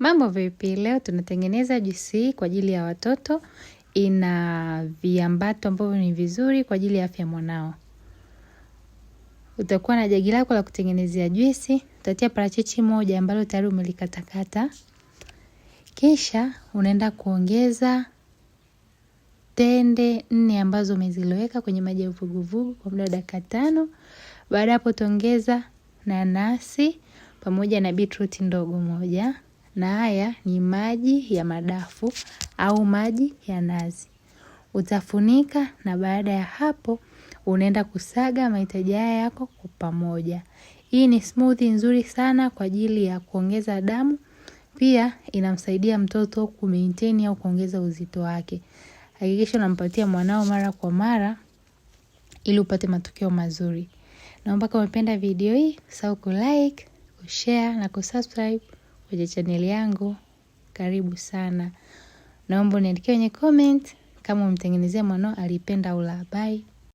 Mambo vipi? Leo tunatengeneza juisi kwa ajili ya watoto. Ina viambato ambavyo ni vizuri kwa ajili ya afya mwanao. Utakuwa na jagi lako la kutengenezea juisi, utatia parachichi moja ambalo tayari umelikatakata. Kisha unaenda kuongeza tende nne ambazo umeziloweka kwenye maji ya uvuguvugu kwa muda wa dakika tano. Baada hapo utaongeza nanasi pamoja na beetroot ndogo moja na haya ni maji ya madafu au maji ya nazi. Utafunika na baada ya hapo unaenda kusaga mahitaji haya yako kwa pamoja. Hii ni smoothie nzuri sana kwa ajili ya kuongeza damu, pia inamsaidia mtoto maintain au kuongeza uzito wake. Hakikisha unampatia mwanao mara kwa mara ili upate matokeo mazuri. Naomba kama umependa video hii, usahau ku share na subscribe kwenye chaneli yangu. Karibu sana, naomba uniandikie kwenye comment kama umemtengenezea mwanao alipenda au la. Bye.